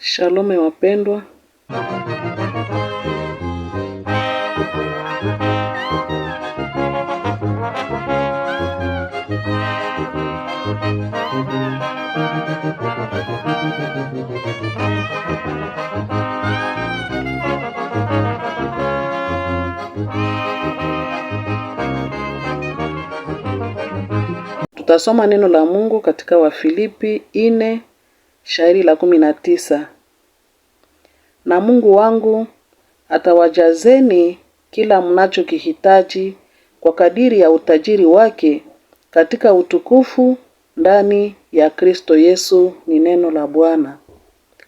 Shalome wapendwa. Tutasoma neno la Mungu katika Wafilipi nne shairi la kumi na tisa na Mungu wangu atawajazeni kila mnachokihitaji kwa kadiri ya utajiri wake katika utukufu ndani ya Kristo Yesu, ni neno la Bwana.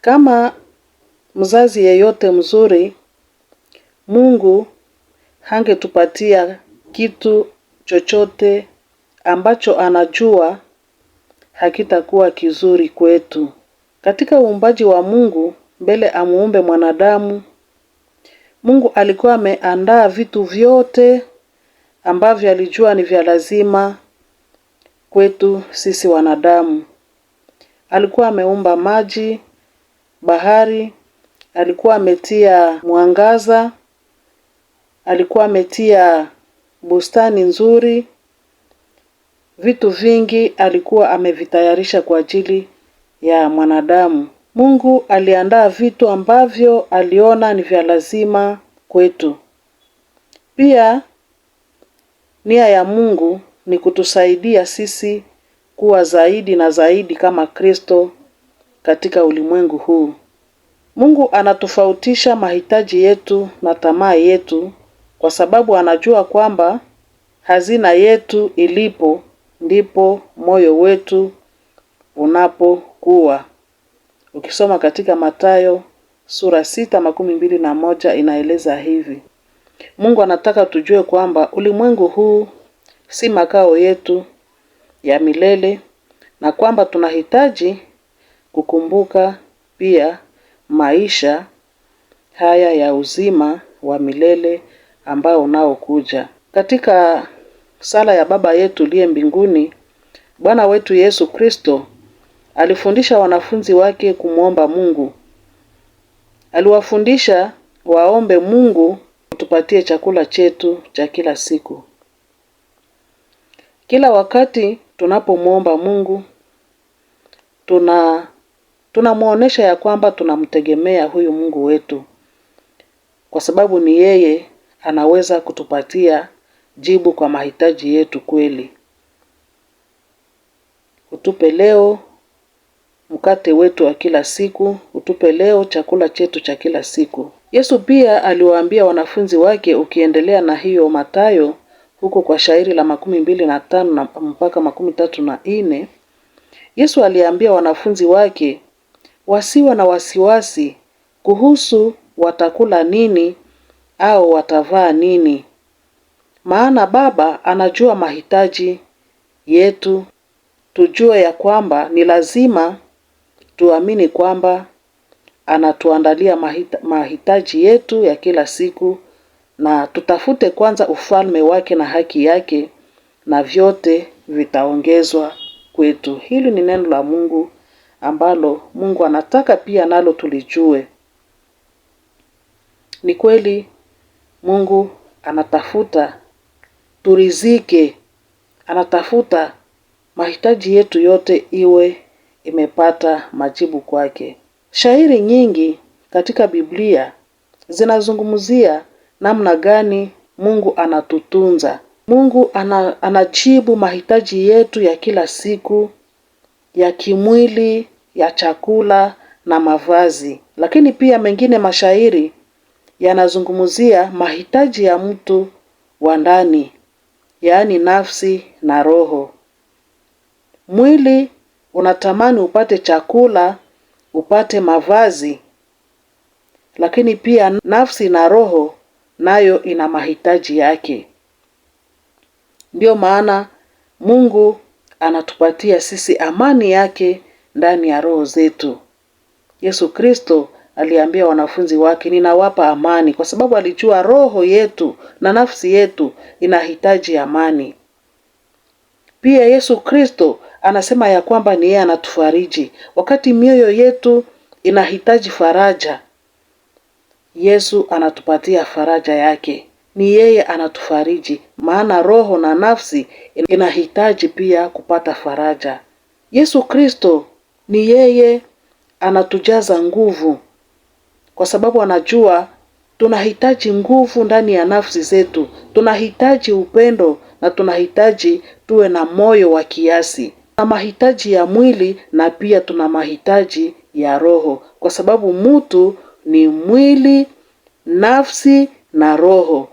Kama mzazi yeyote mzuri, Mungu hangetupatia kitu chochote ambacho anajua hakitakuwa kizuri kwetu. Katika uumbaji wa Mungu mbele amuumbe mwanadamu, Mungu alikuwa ameandaa vitu vyote ambavyo alijua ni vya lazima kwetu sisi wanadamu. Alikuwa ameumba maji, bahari, alikuwa ametia mwangaza, alikuwa ametia bustani nzuri. Vitu vingi alikuwa amevitayarisha kwa ajili ya mwanadamu. Mungu aliandaa vitu ambavyo aliona ni vya lazima kwetu. Pia nia ya Mungu ni kutusaidia sisi kuwa zaidi na zaidi kama Kristo katika ulimwengu huu. Mungu anatofautisha mahitaji yetu na tamaa yetu kwa sababu anajua kwamba hazina yetu ilipo ndipo moyo wetu unapo kuwa ukisoma katika Mathayo sura sita makumi mbili na moja inaeleza hivi: Mungu anataka tujue kwamba ulimwengu huu si makao yetu ya milele na kwamba tunahitaji kukumbuka pia maisha haya ya uzima wa milele ambao unaokuja. Katika sala ya Baba yetu uliye mbinguni, Bwana wetu Yesu Kristo Alifundisha wanafunzi wake kumwomba Mungu. Aliwafundisha waombe Mungu kutupatie chakula chetu cha kila siku. Kila wakati tunapomwomba Mungu tuna tunamwonyesha ya kwamba tunamtegemea huyu Mungu wetu kwa sababu ni yeye anaweza kutupatia jibu kwa mahitaji yetu kweli. Utupe leo mkate wetu wa kila siku, utupe leo chakula chetu cha kila siku. Yesu pia aliwaambia wanafunzi wake, ukiendelea na hiyo Mathayo huko kwa shairi la makumi mbili na tano na mpaka makumi tatu na nne Yesu aliambia wanafunzi wake wasiwe na wasiwasi kuhusu watakula nini au watavaa nini, maana Baba anajua mahitaji yetu. Tujue ya kwamba ni lazima tuamini kwamba anatuandalia mahitaji yetu ya kila siku na tutafute kwanza ufalme wake na haki yake na vyote vitaongezwa kwetu. Hili ni neno la Mungu ambalo Mungu anataka pia nalo tulijue. Ni kweli Mungu anatafuta turizike, anatafuta mahitaji yetu yote iwe imepata majibu kwake. Shairi nyingi katika Biblia zinazungumzia namna gani Mungu anatutunza. Mungu ana, anajibu mahitaji yetu ya kila siku ya kimwili, ya chakula na mavazi. Lakini pia mengine mashairi yanazungumzia mahitaji ya mtu wa ndani, yaani nafsi na roho. Mwili unatamani upate chakula, upate mavazi, lakini pia nafsi na roho nayo ina mahitaji yake. Ndiyo maana Mungu anatupatia sisi amani yake ndani ya roho zetu. Yesu Kristo aliambia wanafunzi wake, ninawapa amani, kwa sababu alijua roho yetu na nafsi yetu inahitaji amani. Pia Yesu Kristo anasema ya kwamba ni yeye anatufariji. Wakati mioyo yetu inahitaji faraja, Yesu anatupatia faraja yake. Ni yeye anatufariji, maana roho na nafsi inahitaji pia kupata faraja. Yesu Kristo ni yeye anatujaza nguvu, kwa sababu anajua tunahitaji nguvu ndani ya nafsi zetu, tunahitaji upendo na tunahitaji tuwe na moyo wa kiasi. Tuna mahitaji ya mwili na pia tuna mahitaji ya roho kwa sababu mtu ni mwili, nafsi na roho.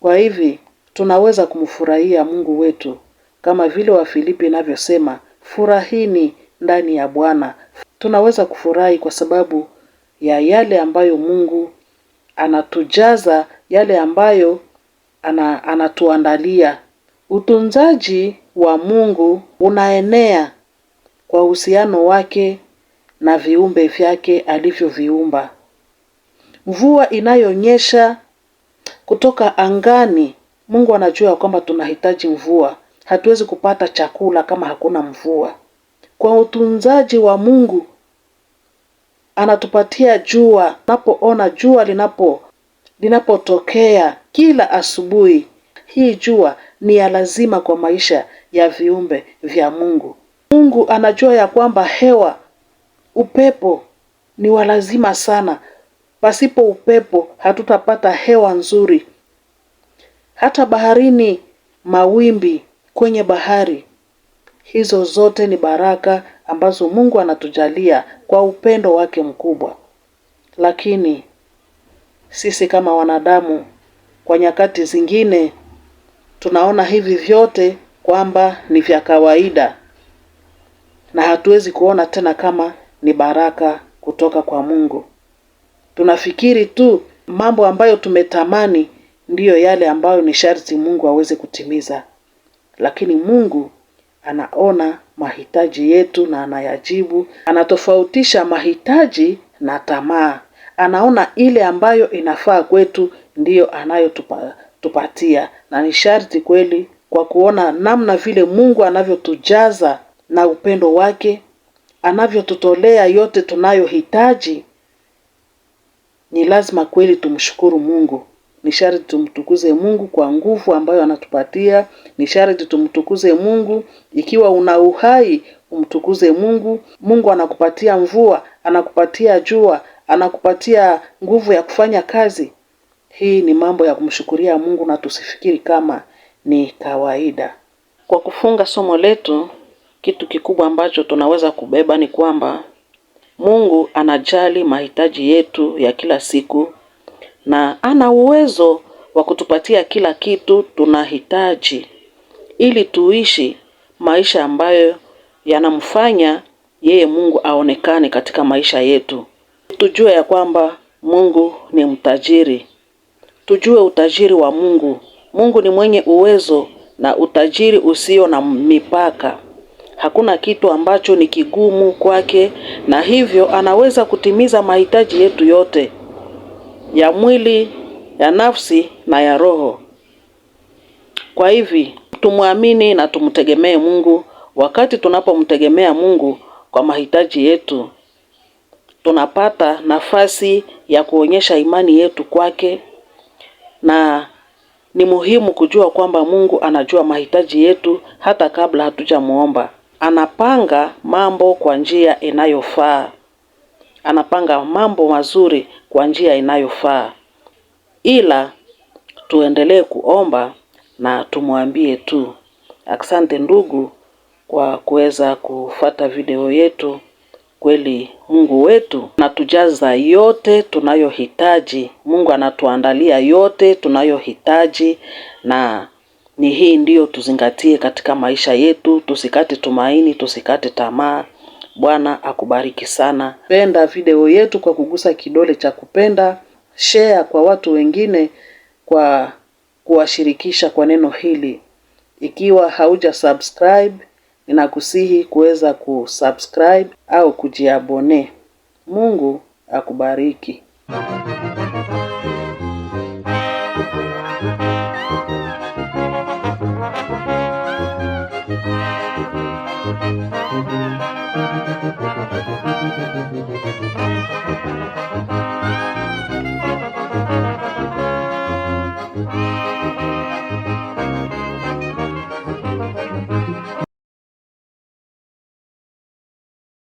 Kwa hivi tunaweza kumfurahia Mungu wetu kama vile Wafilipi inavyosema, furahini ndani ya Bwana. Tunaweza kufurahi kwa sababu ya yale ambayo Mungu anatujaza, yale ambayo ana, anatuandalia. Utunzaji wa Mungu unaenea kwa uhusiano wake na viumbe vyake alivyoviumba. Mvua inayonyesha kutoka angani, Mungu anajua kwamba tunahitaji mvua. Hatuwezi kupata chakula kama hakuna mvua. Kwa utunzaji wa Mungu anatupatia jua. Napoona jua linapo linapotokea kila asubuhi, hii jua ni ya lazima kwa maisha ya viumbe vya Mungu. Mungu anajua ya kwamba hewa, upepo ni wa lazima sana. Pasipo upepo hatutapata hewa nzuri. Hata baharini, mawimbi kwenye bahari, hizo zote ni baraka ambazo Mungu anatujalia kwa upendo wake mkubwa. Lakini sisi kama wanadamu, kwa nyakati zingine tunaona hivi vyote kwamba ni vya kawaida na hatuwezi kuona tena kama ni baraka kutoka kwa Mungu. Tunafikiri tu mambo ambayo tumetamani ndiyo yale ambayo ni sharti Mungu aweze kutimiza, lakini Mungu anaona mahitaji yetu na anayajibu. Anatofautisha mahitaji na tamaa, anaona ile ambayo inafaa kwetu ndiyo anayotupa anatupatia, na ni sharti kweli, kwa kuona namna vile Mungu anavyotujaza na upendo wake, anavyotutolea yote tunayohitaji. Ni lazima kweli tumshukuru Mungu. Ni sharti tumtukuze Mungu kwa nguvu ambayo anatupatia. Ni sharti tumtukuze Mungu ikiwa una uhai, umtukuze Mungu. Mungu anakupatia mvua, anakupatia jua, anakupatia nguvu ya kufanya kazi. Hii ni mambo ya kumshukuria Mungu na tusifikiri kama ni kawaida. Kwa kufunga somo letu, kitu kikubwa ambacho tunaweza kubeba ni kwamba Mungu anajali mahitaji yetu ya kila siku na ana uwezo wa kutupatia kila kitu tunahitaji ili tuishi maisha ambayo yanamfanya yeye Mungu aonekane katika maisha yetu. Tujue ya kwamba Mungu ni mtajiri. Tujue utajiri wa Mungu. Mungu ni mwenye uwezo na utajiri usio na mipaka. Hakuna kitu ambacho ni kigumu kwake, na hivyo anaweza kutimiza mahitaji yetu yote ya mwili, ya nafsi na ya roho. Kwa hivi tumwamini na tumtegemee Mungu. Wakati tunapomtegemea Mungu kwa mahitaji yetu, tunapata nafasi ya kuonyesha imani yetu kwake na ni muhimu kujua kwamba Mungu anajua mahitaji yetu hata kabla hatujamwomba. Anapanga mambo kwa njia inayofaa, anapanga mambo mazuri kwa njia inayofaa, ila tuendelee kuomba na tumwambie tu. Asante ndugu kwa kuweza kufata video yetu kweli Mungu wetu anatujaza yote tunayohitaji. Mungu anatuandalia yote tunayohitaji, na ni hii ndiyo tuzingatie katika maisha yetu, tusikate tumaini, tusikate tamaa. Bwana akubariki sana. Penda video yetu kwa kugusa kidole cha kupenda, share kwa watu wengine, kwa kuwashirikisha kwa neno hili. Ikiwa hauja subscribe Ninakusihi kuweza kusubscribe au kujiabone. Mungu akubariki.